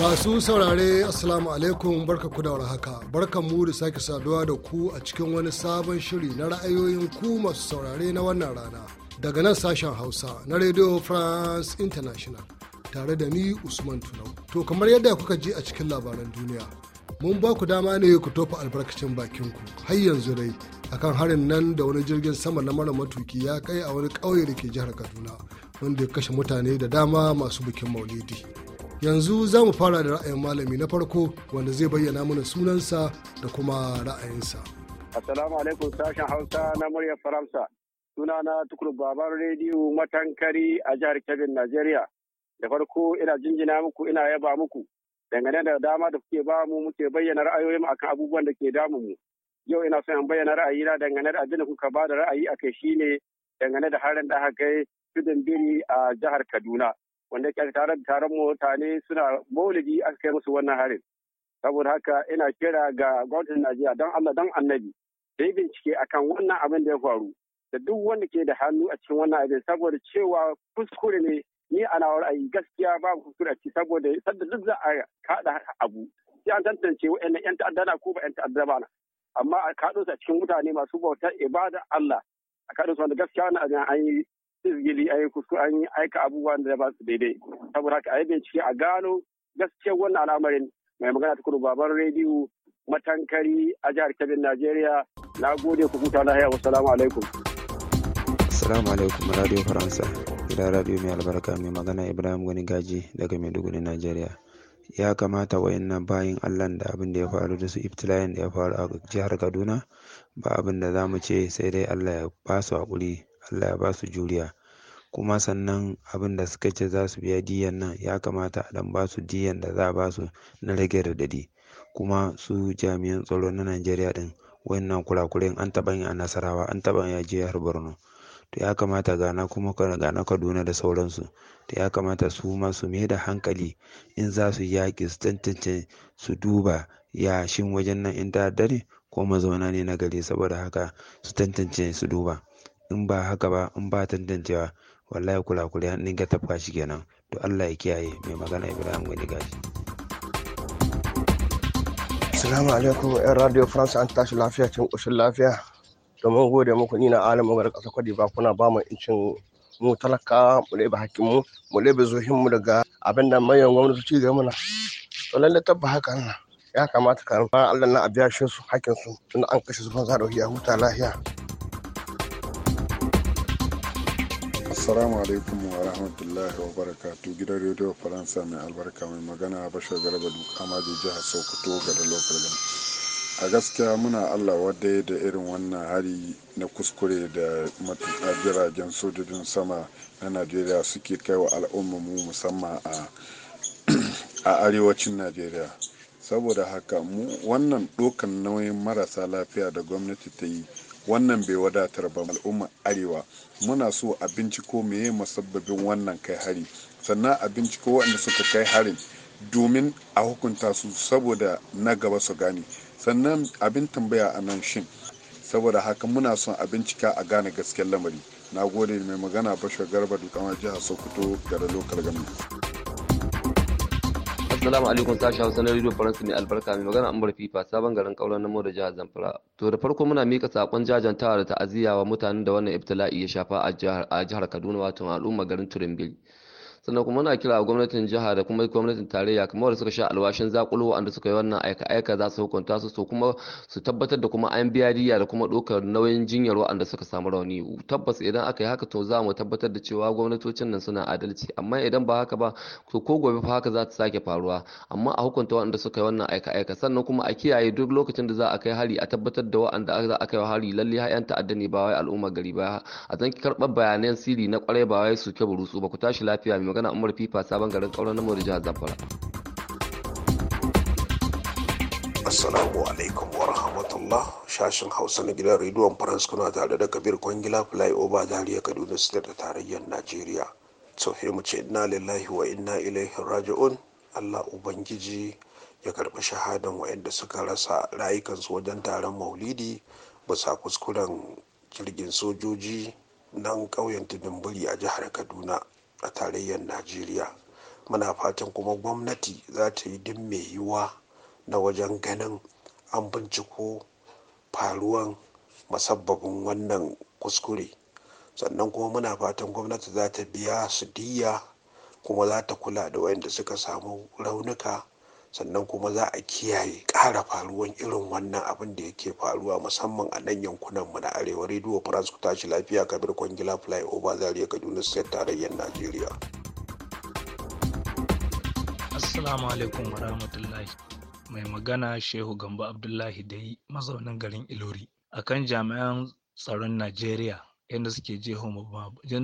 Masu saurare Assalamu alaikum barka ku da haka barkan mu da sake saduwa da ku a cikin wani sabon shiri na ra'ayoyin ku masu saurare na wannan rana daga nan sashen Hausa na Radio France International tare da ni Usman Tunau. To kamar yadda kuka ji a cikin labaran duniya mun ba ku dama ne ku tofa albarkacin bakin ku har yanzu dai akan harin nan da wani jirgin sama na mara matuki ya kai a wani ƙauye da ke jihar Kaduna. wanda ya kashe mutane da dama masu bikin maulidi yanzu za mu fara da ra'ayin malami na farko wanda zai bayyana mana sunansa da kuma ra'ayinsa assalamu alaikum sashen hausa na murya faransa suna na tukur babar rediyo matankari a jihar kebbi najeriya da farko ina jinjina muku ina yaba muku dangane da dama da kuke ba mu muke bayyana ra'ayoyinmu akan abubuwan da ke damu mu yau ina son in bayyana ra'ayina dangane da abin da kuka ba da ra'ayi akai shine dangane da harin da aka kai tudun biri a jihar kaduna wanda ke tare da taron mutane suna maulidi aka kai musu wannan harin saboda haka ina kira ga gwamnatin najeriya don allah don annabi da yi bincike akan wannan abin da ya faru da duk wanda ke da hannu a cikin wannan abin saboda cewa kuskure ne ni ana ra'ayi gaskiya ba kuskure a ciki saboda sadda duk za a kaɗa abu sai an tantance wa'annan yan ta'adda na ko ba yan ta'adda ba na amma a kaɗo su a cikin mutane masu bautar ibada Allah a kaɗo su wanda gaskiya wannan abin an yi izgili a yi kuskure an yi aika abubuwan da ba su daidai saboda haka a yi bincike a gano gaskiyar wannan al'amarin mai magana tukuru baban rediyo matankari a jihar kebbi najeriya na gode ku huta lahiya salamu alaikum salamu alaikum radio faransa gidan radio mai albarka mai magana ibrahim wani gaji daga maiduguri najeriya ya kamata wayannan bayin allah da abin da ya faru da su ibtilayen da ya faru a jihar kaduna ba abin da za mu ce sai dai allah ya ba su haƙuri Allah ya ba su juriya kuma sannan abin da suka ce za su biya diyan nan ya kamata a dan ba su diyan da za a ba su na rage radadi kuma su jami'an tsaro na Najeriya din wannan kurakuren an taɓa yin a Nasarawa an taɓa yin a jihar Borno to ya kamata gana kuma gana Kaduna da sauransu to ya kamata su ma su mai da hankali in za su yaƙi su tantance su duba ya shin wajen nan in da dare ko mazauna ne na gari saboda haka su tantance su duba in ba haka ba in ba tantancewa wallahi kula an dinga tafka shi kenan to Allah ya kiyaye mai magana Ibrahim Gani gashi Assalamu alaikum ƴan Radio France an tashi lafiya cin ƙoshin lafiya domin gode muku ni na alamu ga ƙasa kwadi ba kuna ba mu incin mu talaka mu lebe hakkin mu mu lebe zuhin mu daga abin da mayan gwamnati ci ga muna to lalle tabba haka na ya kamata ka ba Allah na abiya shi su hakkin su tun an kashe su ban zaro ya huta lafiya assalamu alaikum wa rahmatullahi wa barakatu gidan rediyo faransa mai albarka mai magana bashar garba dukama da jihar sokoto ga da lokacin a gaskiya muna allah wadda da irin wannan hari na kuskure da matuƙa jiragen sojojin sama na najeriya suke kai wa al'ummamu musamman a arewacin najeriya saboda haka mu wannan ɗokan nauyin marasa lafiya da gwamnati ta yi wannan bai wadatar ba al'ummar arewa muna so a binciko meye masababin wannan kai hari sannan a binciko waɗanda suka kai harin domin a hukunta su saboda na gaba su gane sannan abin tambaya a nan shin saboda haka muna son a bincika a gane gasken lamari na gode mai magana bashar garba dukkan jihar sokoto da lokal gani Assalamu alaikum sashi Hausa na Radio Faransa mai albarka mai magana Umar Fifa sabon garin kauran namo da jihar Zamfara. To da farko muna mika sakon jajantawa da ta'aziyya wa mutanen da wannan ibtila'i ya shafa a jihar Kaduna wato al'umma garin turinbili sannan kuma muna kira gwamnatin jiha da kuma gwamnatin tarayya kamar da suka sha alwashin zakulu wanda suka yi wannan aika aika za su hukunta su so kuma su tabbatar da kuma an biya diya da kuma ɗaukar nauyin jinyar wanda suka samu rauni tabbas idan aka yi haka to za mu tabbatar da cewa gwamnatocin nan suna adalci amma idan ba haka ba to ko gobe fa haka za ta sake faruwa amma a hukunta wanda suka yi wannan aika aika sannan kuma a kiyaye duk lokacin da za a kai hari a tabbatar da wanda za a kai hari lalle ha yan ta'adda ne ba wai al'umma gari ba a zan karɓar bayanan sirri na kwarai ba wai su ke burusu ba ku tashi lafiya magana Umar Fifa sabon garin na Namori jihar Zamfara. Assalamu alaikum wa rahmatullah shashin Hausa na gidan rediyon France kuna tare da Kabir Kwangila Flyover Dariya Kaduna State da tarayyar Najeriya. Tsofe mu ce inna lillahi wa inna ilaihi raji'un Allah Ubangiji ya karɓi shahadan waɗanda suka rasa rayukansu wajen taron maulidi bisa kuskuren jirgin sojoji nan ƙauyen tudunburi a jihar kaduna a tarayyar najeriya muna fatan kuma gwamnati za ta yi duk mai yiwuwa na wajen ganin an binciko faruwan masabbabin wannan kuskure sannan kuma muna fatan gwamnati za ta biya su diya kuma za ta kula da wayanda suka samu raunuka sannan kuma za a kiyaye ƙara faruwan irin wannan abin da yake faruwa musamman a nan yankunan mu na arewa rediyo france ku tashi lafiya kabir kwangila flyover zaria kaduna state tarayyar najeriya assalamu alaikum warahmatullahi mai magana shehu gambo abdullahi dai mazaunin garin ilori akan jami'an tsaron najeriya yadda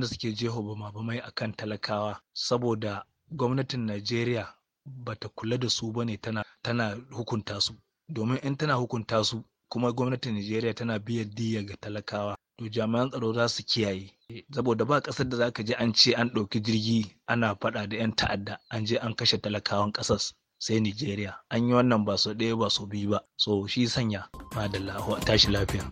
suke jeho ba mai akan talakawa saboda gwamnatin najeriya bata kula da su bane tana tana hukunta su domin in tana hukunta su kuma gwamnatin Najeriya tana biyan diya ga talakawa to jami'an tsaro za su kiyaye saboda ba ƙasar da zaka je an ce an ɗauki jirgi ana faɗa da 'yan ta'adda an je an kashe talakawan ƙasar sai Nijeriya an yi wannan ba sau ɗaya ba sau biyu ba so shi sanya madalla tashi lafiya.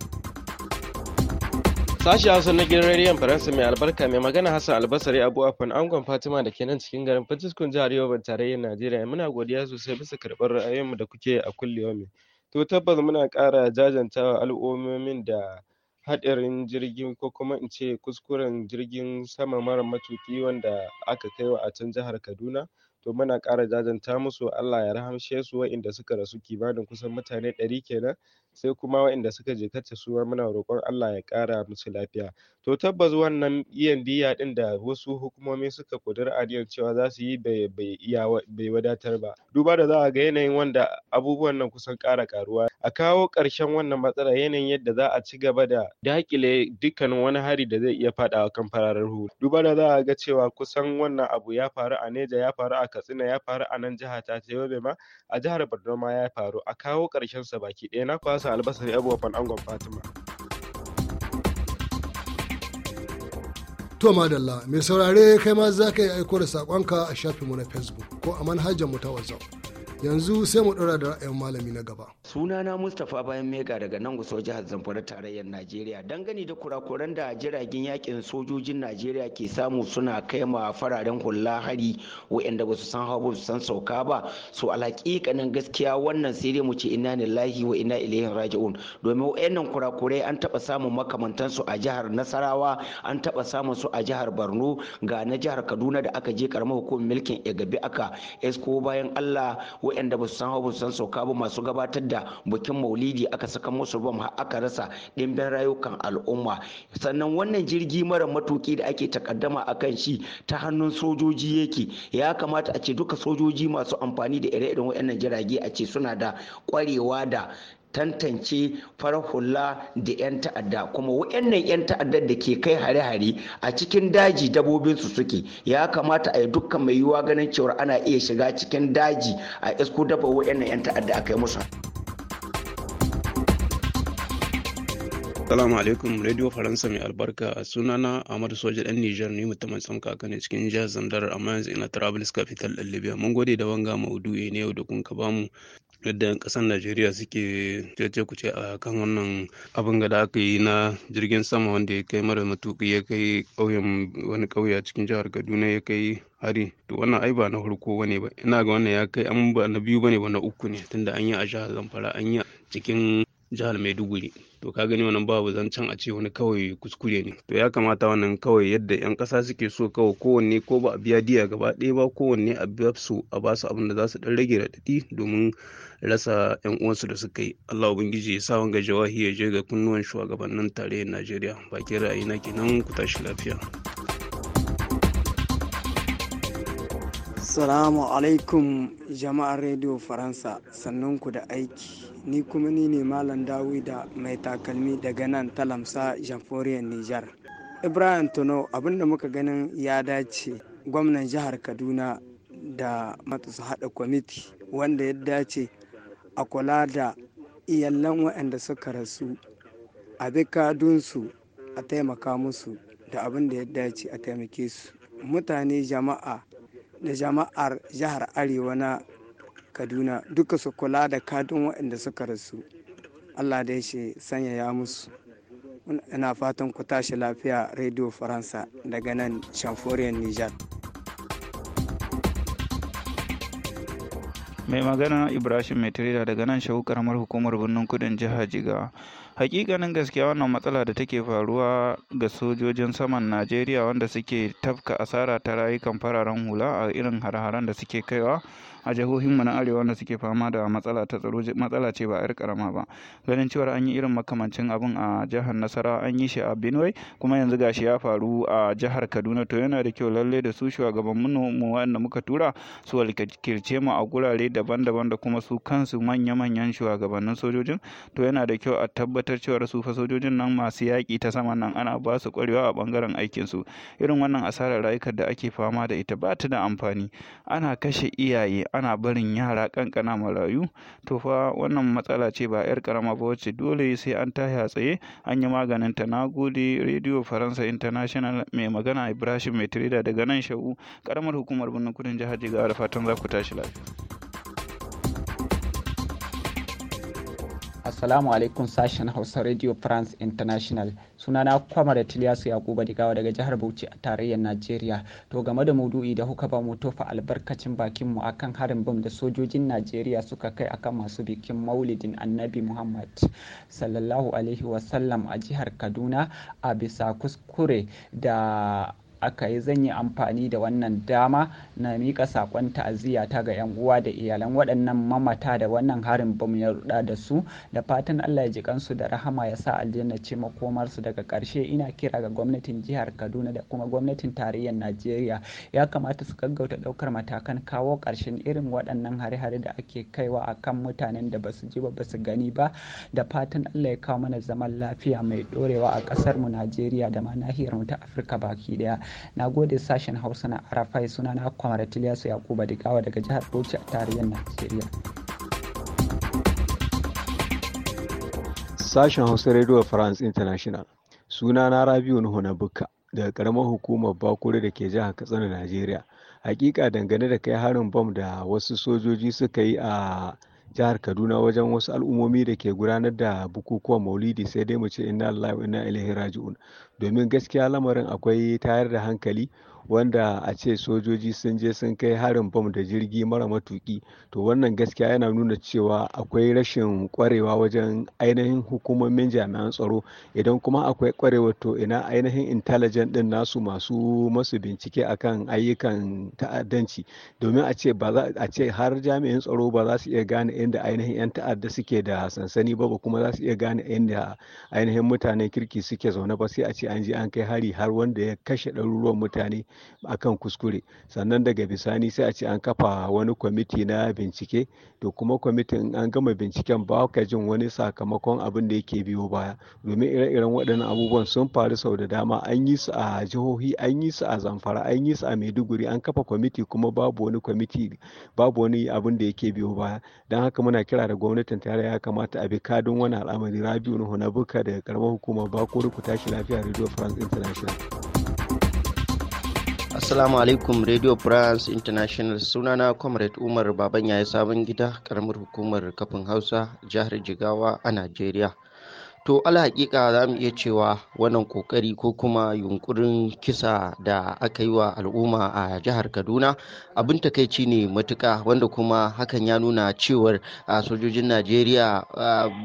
Sashi Hausa na gidan rediyon Faransa mai albarka mai magana Hassan Albasari Abu Afan angon Fatima da ke nan cikin garin Franciscon jihar Yobe tarayyar Najeriya muna godiya sosai bisa karɓar ra'ayoyinmu da kuke a kulle To tabbas muna ƙara jajantawa al'ummomin da haɗarin jirgin ko kuma in ce kuskuren jirgin sama mara matuƙi wanda aka kai wa a can jihar Kaduna. to muna ƙara jajanta musu Allah ya rahamshe su wa'inda suka rasu kimanin kusan mutane ɗari kenan sai kuma wa'inda suka jikarta su muna roƙon Allah ya ƙara musu lafiya to tabbas wannan iyan e diya ɗin da wasu hukumomi suka ƙudiri aniyar cewa za su yi bai wadatar ba duba da za a ga yanayin wanda abubuwan nan kusan ƙara ƙaruwa a kawo ƙarshen wannan matsalar yanayin yadda za a ci gaba da daƙile dukkanin wani hari da zai iya faɗawa kan fararen hula duba da za a ga cewa kusan wannan abu ya faru a Neja ya faru a Katsina ya faru a nan jiha ta ta Yobe ma a jihar Borno ma ya faru a kawo karshen sa baki ɗaya na kwasa abuwa abubuwan angon Fatima. To madalla mai saurare kai ma za ka yi aiko da saƙonka a shafinmu na Facebook ko a manhajar mu ta WhatsApp. yanzu sai mu ɗora da ra'ayin malami na gaba sunana mustapha bayan mega daga nan gusa jihar zamfara tarayyar najeriya dangane da kurakuran da jiragen yakin sojojin najeriya ke samu suna kai ma fararen hula hari wa'anda ba su san hau ba su san sauka ba so alaƙiƙanin gaskiya wannan sai dai mu ce inna lahi wa ina ilayin raja'un domin wa'annan kurakurai an taɓa samun makamantan su a jihar nasarawa an taɓa samun su a jihar borno ga na jihar kaduna da aka je karamar hukumar mulkin egabi aka esko bayan allah waɗanda ba su san hau ba san sauka ba masu gabatar da bukin maulidi aka saka musu bam har aka rasa ɗimbin rayukan al'umma sannan wannan jirgi mara matuki da ake takaddama a kan shi ta hannun sojoji yake ya kamata a ce duka sojoji masu amfani da ire-iren waɗannan jirage a ce suna da kwarewa da tantance farar hula da 'yan ta'adda kuma wayannan 'yan ta'addar da ke kai hare-hare a cikin daji dabobinsu suke ya kamata a yi dukkan mai yiwuwa ganin cewar ana iya shiga cikin daji a isko dafa wayannan 'yan ta'adda a kai musu Salamu alaikum Radio Faransa mai albarka a sunana Ahmadu Soja ɗan Nijar ne mutumin tsamkaka ne cikin jihar Zandar amma yanzu ina Travelers Capital ɗan Libya. Mun gode da wanga maudu'i ne yau da kun ka bamu yadda 'yan kasar najeriya suke cece kuce a kan wannan abin da aka yi na jirgin sama wanda ya kai mara matuƙi ya kai ƙauyen wani ƙauye a cikin jihar kaduna ya kai hari to wannan ai ba na farko bane ba ina ga wannan ya kai an ba na biyu bane ba na uku ne tunda an yi a jihar zamfara an yi cikin jihar maiduguri to ka gani wannan babu zancen a ce wani kawai kuskure ne to ya kamata wannan kawai yadda yan kasa suke so kawai kowanne ko ba a biya diya gaba ɗaya ba kowanne a biya su a ba su abin da za su dan rage raɗaɗi domin rasa yan uwansu da suka yi allah ubangiji ya sa wanga jawahi ya je ga kunnuwan shugabannin tarayyar najeriya bakin na kenan ku tashi lafiya Salamu alaikum jama'ar Radio Faransa sannan ku da aiki ni kuma ni ne Malam Dawuda mai takalmi daga nan ta lamsa Jamforiyar Nijar. Ibrahim Tono abinda muka ganin ya dace gwamnan jihar Kaduna da matasa haɗa kwamiti wanda ya dace a kula da iyalan waɗanda suka rasu a bi kadunsu a taimaka musu da abin da ya dace a taimake su mutane jama'a da jama'ar jihar arewa na kaduna duka su kula da kadun waɗanda suka rasu allah da shi sanyaya musu ina fatan ku tashi lafiya radio faransa daga nan shamforiyar nijar mai magana ibrahim metrida daga nan shagu karamar hukumar birnin kudin jihar jiga hakikanin gaskiya wannan matsala da take faruwa ga sojojin saman najeriya wanda suke tafka asara ta rayukan fararen hula a irin har-haren da suke kaiwa a jihohin mu na arewa da suke fama da matsala ta tsaro matsala ce ba a karama ba ganin cewar an yi irin makamancin abin a jihar nasara an yi shi a benue kuma yanzu gashi ya faru a jihar kaduna to yana da kyau lalle da su shugabannin mu wanda muka tura su walkirce mu a gurare daban-daban da kuma su kansu manya-manyan shugabannin sojojin to yana da kyau a tabbatar cewar su fa sojojin nan masu yaƙi ta saman nan ana ba su ƙwarewa a ɓangaren aikinsu irin wannan asarar rayukan da ake fama da ita ba ta da amfani ana kashe iyaye ana barin yara kankana marayu to fa wannan matsala ce ba yar karama ba wacce dole sai an tahi a tsaye an yi maganin ta na gode radio faransa international mai magana ibrahim mai daga nan shau karamar hukumar birnin kudin jihar jigawa da fatan za ku tashi lafiya Assalamu alaikum sashen Hausa Radio France International. Sunana Kwamar da Tiliyasu Yakuba Digawa daga jihar Bauchi a tarayyar Najeriya. To game da maudu'i da kuka ba mu tofa albarkacin bakin mu akan harin bom da sojojin Najeriya suka kai akan masu bikin Maulidin Annabi Muhammad sallallahu alaihi wasallam a jihar Kaduna a bisa kuskure da aka yi zan yi amfani da wannan dama na miƙa sakon ta'aziyya ta ga 'yan uwa da iyalan waɗannan mamata da wannan harin bamu ya ruɗa da su da fatan Allah ya ji kansu da rahama ya sa aljanna ce makomarsu daga ƙarshe ina kira ga gwamnatin jihar Kaduna da kuma gwamnatin tarayyar Najeriya ya kamata su gaggauta ɗaukar matakan kawo ƙarshen irin waɗannan hare-hare da ake kaiwa akan mutanen da basu ji ba basu gani ba da fatan Allah ya kawo mana zaman lafiya mai ɗorewa a ƙasarmu Najeriya da ma nahiyar mu ta Afirka baki ɗaya na gode sashen hausa na arafai suna na kwamaratiliyasu yakuba digawa daga jihar bauchi a tarayyar najeriya sashen hausa radio france international suna na rabiu nuhu na buka daga karamar hukumar bakure da ke jihar katsina najeriya hakika dangane da kai harin bom da wasu sojoji suka yi a jihar Kaduna wajen wasu al'ummomi da ke gudanar da bukukuwan Maulidi sai dai mu ce inna lillahi wa inna ilaihi raji'un domin gaskiya lamarin akwai tayar da hankali wanda a ce sojoji sun je sun kai harin bom da jirgi mara matuki to wannan gaskiya yana nuna cewa akwai rashin kwarewa wajen ainihin hukumomin jami'an tsaro idan kuma akwai kwarewa to ina ainihin intelligent din nasu masu masu bincike akan ayyukan ta'addanci domin a ce a ce har jami'in tsaro ba za su iya gane inda ainihin 'yan ta'adda suke da sansani ba kuma za su iya gane inda ainihin mutanen kirki suke zaune ba sai a ce an je an kai hari har wanda ya kashe ɗaruruwan mutane akan kuskure sannan daga bisani sai a ce an kafa wani kwamiti na bincike to kuma kwamitin an gama binciken ba ka jin wani sakamakon abin da yake biyo baya domin ire-iren waɗannan abubuwan sun faru sau da dama an yi su a jihohi an yi su a zamfara an yi su a maiduguri an kafa kwamiti kuma babu wani kwamiti babu wani abin da yake biyo baya don haka muna kira da gwamnatin tare ya kamata a bi kadin wani al'amari rabiu nuhu na buka daga karamar hukumar bakuru ku tashi lafiya radio france international Assalamu alaikum Radio France International sunana Comrade Umar Baban yi sabon gida karamar hukumar kafin Hausa jihar Jigawa a Najeriya. to alhaƙiƙa za mu iya cewa wannan ƙoƙari ko kuma yunkurin kisa da aka yi wa al'umma a jihar kaduna abin takaici ne matuƙa wanda kuma hakan ya nuna cewar a sojojin najeriya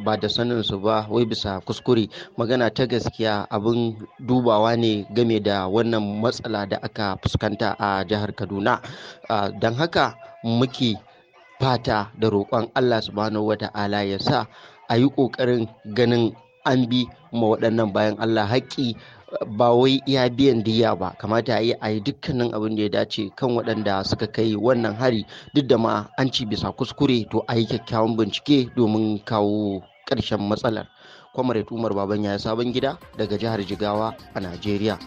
ba da sanin su ba wai bisa kuskure magana ta gaskiya abin dubawa ne game da wannan matsala da aka fuskanta a jihar kaduna don haka muke fata da roƙon allah subhanahu wata'ala ya sa a yi ƙoƙarin ganin an bi ma waɗannan bayan Allah haƙƙi ba wai iya biyan diya ba kamata yi a yi dukkanin abin da ya dace kan waɗanda suka kai wannan hari duk da ma an ci bisa kuskure to a yi kyakkyawan bincike domin kawo ƙarshen matsalar kwamaret umar baban ya sabon gida daga jihar jigawa a najeriya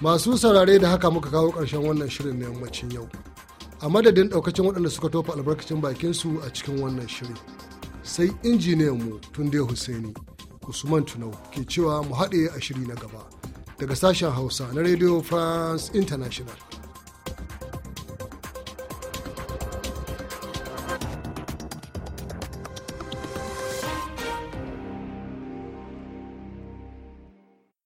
masu saurare da haka muka kawo ƙarshen wannan shirin na yammacin yau a madadin daukacin waɗanda suka tofa albarkacin bakin su a cikin wannan shirin, sai injiniyan mu tunde Hussaini usman tunau ke cewa mu haɗe a shiri na gaba daga sashen hausa na radio france international